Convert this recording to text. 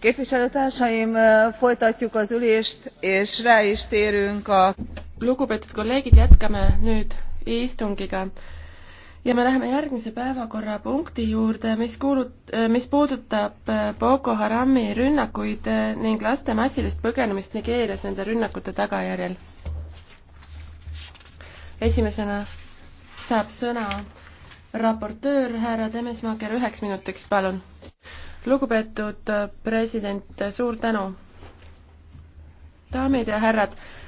képviselőtársaim eh, folytatjuk az ülést és rá is térünk a. lugupeetud kolleegid jätkame nüüd istungiga ja me läheme järgmise päevakorrapunkti juurde mis kuulut- eh, mis puudutab eh, boko harami rünnakuid ning laste massilist põgenemist nigeerias nende rünnakute tagajärjel esimesena saab sõna raportöör härra demesmaeker üheks minutiks palun lugupeetud president, suur tänu! daamid ja härrad!